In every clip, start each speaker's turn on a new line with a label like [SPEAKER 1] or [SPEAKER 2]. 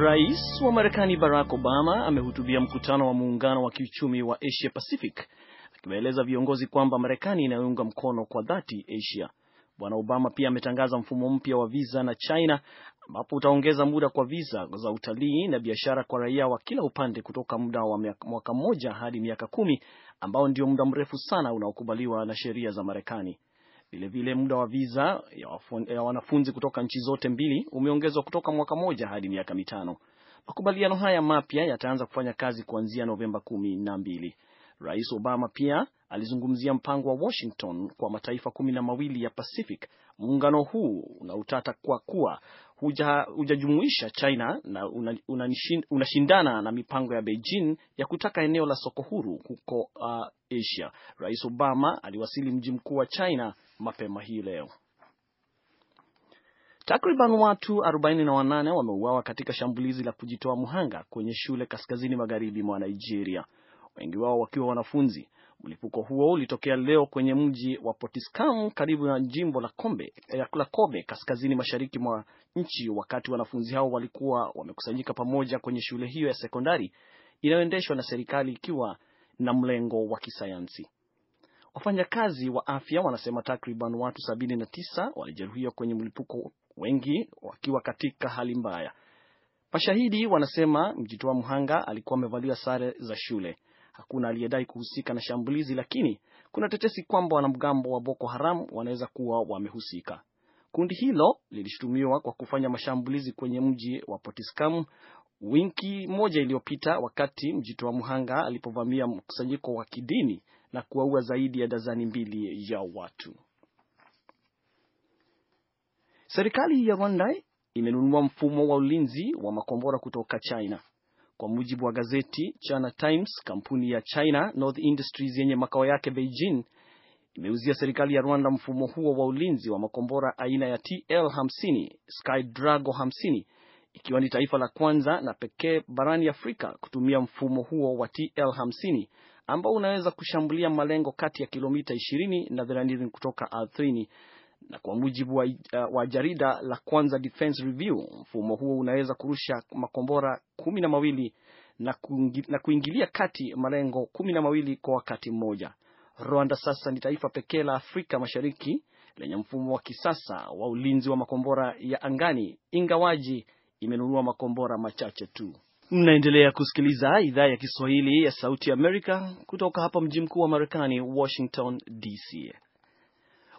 [SPEAKER 1] Rais wa Marekani Barack Obama amehutubia mkutano wa muungano wa kiuchumi wa Asia Pacific akiwaeleza viongozi kwamba Marekani inayounga mkono kwa dhati Asia. Bwana Obama pia ametangaza mfumo mpya wa viza na China ambapo utaongeza muda kwa viza za utalii na biashara kwa raia wa kila upande kutoka muda wa mwaka mmoja hadi miaka kumi ambao ndio muda mrefu sana unaokubaliwa na sheria za Marekani. Vilevile muda wa visa ya wanafunzi kutoka nchi zote mbili umeongezwa kutoka mwaka moja hadi miaka mitano. Makubaliano haya mapya yataanza kufanya kazi kuanzia Novemba kumi na mbili. Rais Obama pia alizungumzia mpango wa Washington kwa mataifa kumi na mawili ya Pacific, muungano huu unautata kwa kuwa hujajumuisha huja China na unashindana una, una na mipango ya Beijing ya kutaka eneo la soko huru huko uh, Asia. Rais Obama aliwasili mji mkuu wa China mapema hii leo. Takriban watu 48 wameuawa katika shambulizi la kujitoa muhanga kwenye shule kaskazini magharibi mwa Nigeria wengi wao wakiwa wanafunzi. Mlipuko huo ulitokea leo kwenye mji wa Potiskam karibu na jimbo la Kobe, eh, la Kobe kaskazini mashariki mwa nchi, wakati wanafunzi hao walikuwa wamekusanyika pamoja kwenye shule hiyo ya sekondari inayoendeshwa na serikali ikiwa na mlengo wa kisayansi. Wafanyakazi wa afya wanasema takriban watu 79 walijeruhiwa kwenye mlipuko, wengi wakiwa katika hali mbaya. Mashahidi wanasema mjitoa mhanga alikuwa amevalia sare za shule. Hakuna aliyedai kuhusika na shambulizi, lakini kuna tetesi kwamba wanamgambo wa Boko Haram wanaweza kuwa wamehusika. Kundi hilo lilishutumiwa kwa kufanya mashambulizi kwenye mji wa Potiskamu wiki moja iliyopita, wakati mjitoa mhanga alipovamia mkusanyiko wa kidini na kuwaua zaidi ya dazani mbili ya watu. Serikali ya Rwanda imenunua mfumo wa ulinzi wa makombora kutoka China. Kwa mujibu wa gazeti China Times, kampuni ya China North Industries yenye makao yake Beijing imeuzia serikali ya Rwanda mfumo huo wa ulinzi wa makombora aina ya TL50 sky drago 50 ikiwa ni taifa la kwanza na pekee barani Afrika kutumia mfumo huo wa TL50 ambao unaweza kushambulia malengo kati ya kilomita 20 na 30 kutoka ardhini na kwa mujibu wa, uh, wa jarida la Kwanza Defense Review, mfumo huo unaweza kurusha makombora kumi na mawili na kuingilia kati malengo kumi na mawili kwa wakati mmoja. Rwanda sasa ni taifa pekee la Afrika Mashariki lenye mfumo wa kisasa wa ulinzi wa makombora ya angani, ingawaji imenunua makombora machache tu. Mnaendelea kusikiliza idhaa ya Kiswahili ya Sauti ya Amerika kutoka hapa mji mkuu wa Marekani, Washington DC.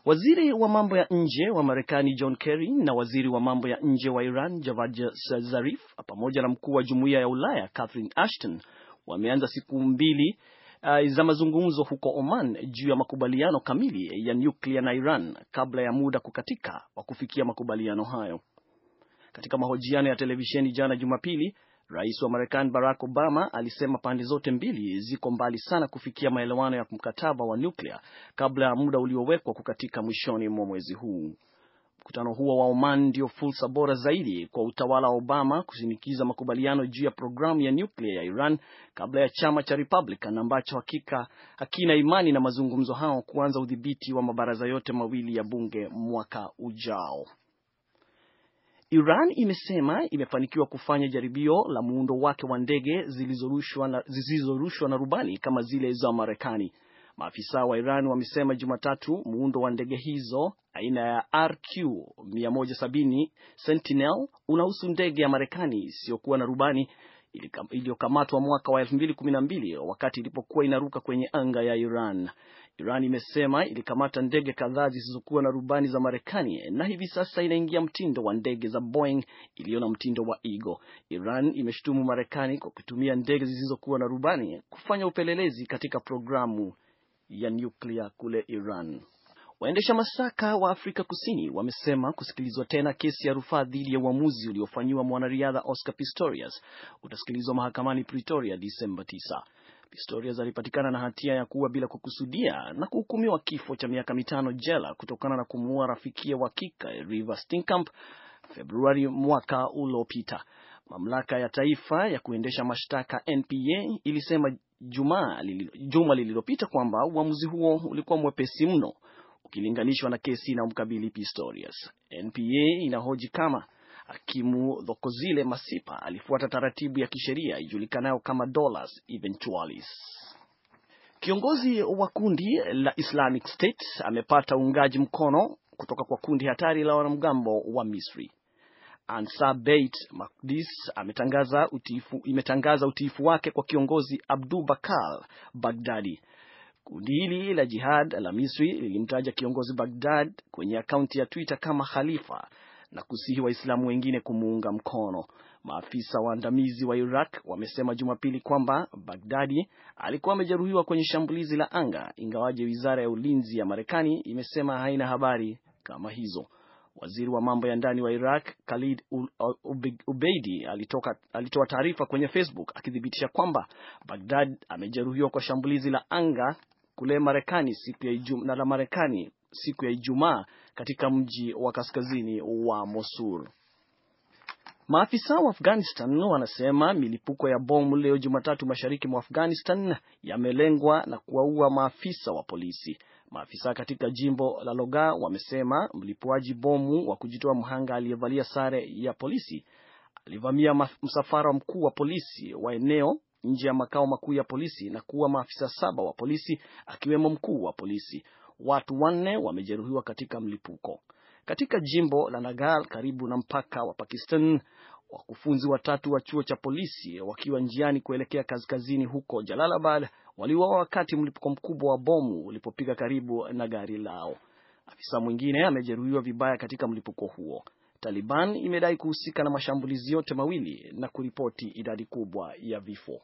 [SPEAKER 1] Waziri wa mambo ya nje wa Marekani John Kerry na waziri wa mambo ya nje wa Iran Javad Zarif pamoja na mkuu wa jumuiya ya Ulaya Catherine Ashton wameanza siku mbili uh, za mazungumzo huko Oman juu ya makubaliano kamili ya nyuklia na Iran kabla ya muda kukatika wa kufikia makubaliano hayo. Katika mahojiano ya televisheni jana Jumapili, Rais wa Marekani Barack Obama alisema pande zote mbili ziko mbali sana kufikia maelewano ya mkataba wa nyuklia kabla ya muda uliowekwa kukatika mwishoni mwa mwezi huu. Mkutano huo wa Oman ndio fursa bora zaidi kwa utawala wa Obama kushinikiza makubaliano juu ya programu ya nyuklia ya Iran kabla ya chama cha Republican ambacho hakika hakina imani na mazungumzo hao kuanza udhibiti wa mabaraza yote mawili ya bunge mwaka ujao. Iran imesema imefanikiwa kufanya jaribio la muundo wake wa ndege zilizorushwa na, na rubani kama zile za Marekani. Maafisa wa Iran wamesema Jumatatu muundo wa ndege hizo aina ya RQ-170 Sentinel unahusu ndege ya Marekani isiyokuwa na rubani iliyokamatwa mwaka wa 2012 wakati ilipokuwa inaruka kwenye anga ya Iran. Iran imesema ilikamata ndege kadhaa zisizokuwa na rubani za Marekani na hivi sasa inaingia mtindo wa ndege za Boeing iliyo na mtindo wa Eagle. Iran imeshutumu Marekani kwa kutumia ndege zisizokuwa na rubani kufanya upelelezi katika programu ya nyuklia kule Iran. Waendesha mashtaka wa Afrika Kusini wamesema kusikilizwa tena kesi ya rufaa dhidi ya uamuzi uliofanyiwa mwanariadha Oscar Pistorius utasikilizwa mahakamani Pretoria Disemba 9. Pistorius alipatikana na hatia ya kuua bila kukusudia na kuhukumiwa kifo cha miaka mitano jela kutokana na kumuua rafikia wa kike River Stinkamp Februari mwaka uliopita. Mamlaka ya taifa ya kuendesha mashtaka NPA ilisema juma lililopita kwamba uamuzi huo ulikuwa mwepesi mno ukilinganishwa na kesi inayomkabili Pistorius. NPA inahoji kama hakimu Dhokozile Masipa alifuata taratibu ya kisheria ijulikanayo kama Dolus Eventualis. Kiongozi wa kundi la Islamic State amepata uungaji mkono kutoka kwa kundi hatari la wanamgambo wa Misri. Ansar Beit Makdis imetangaza utiifu wake kwa kiongozi Abdu Bakal Bagdadi Kundi hili la Jihad la Misri lilimtaja kiongozi Baghdad kwenye akaunti ya Twitter kama khalifa na kusihi Waislamu wengine kumuunga mkono. Maafisa waandamizi wa Iraq wamesema Jumapili kwamba Bagdadi alikuwa amejeruhiwa kwenye shambulizi la anga, ingawaje wizara ya ulinzi ya Marekani imesema haina habari kama hizo. Waziri wa mambo ya ndani wa Iraq Khalid Ubeidi alitoka, alitoa taarifa kwenye Facebook akithibitisha kwamba Baghdad amejeruhiwa kwa shambulizi la anga kule Marekani siku ya Ijumaa na la Marekani siku ya Ijumaa katika mji wa kaskazini wa Mosul. Maafisa wa Afghanistan wanasema milipuko ya bomu leo Jumatatu mashariki mwa Afghanistan yamelengwa na kuwaua maafisa wa polisi. Maafisa katika jimbo la loga wamesema mlipuaji bomu wa kujitoa mhanga aliyevalia sare ya polisi alivamia msafara mkuu wa polisi wa eneo nje ya makao makuu ya polisi na kuua maafisa saba wa polisi akiwemo mkuu wa polisi. Watu wanne wamejeruhiwa katika mlipuko. Katika jimbo la Nagal karibu na mpaka wa Pakistan, wakufunzi watatu wa chuo cha polisi wakiwa njiani kuelekea kaskazini huko Jalalabad waliuawa wakati mlipuko mkubwa wa bomu ulipopiga karibu na gari lao. Afisa mwingine amejeruhiwa vibaya katika mlipuko huo. Taliban imedai kuhusika na mashambulizi yote mawili na kuripoti idadi kubwa ya vifo.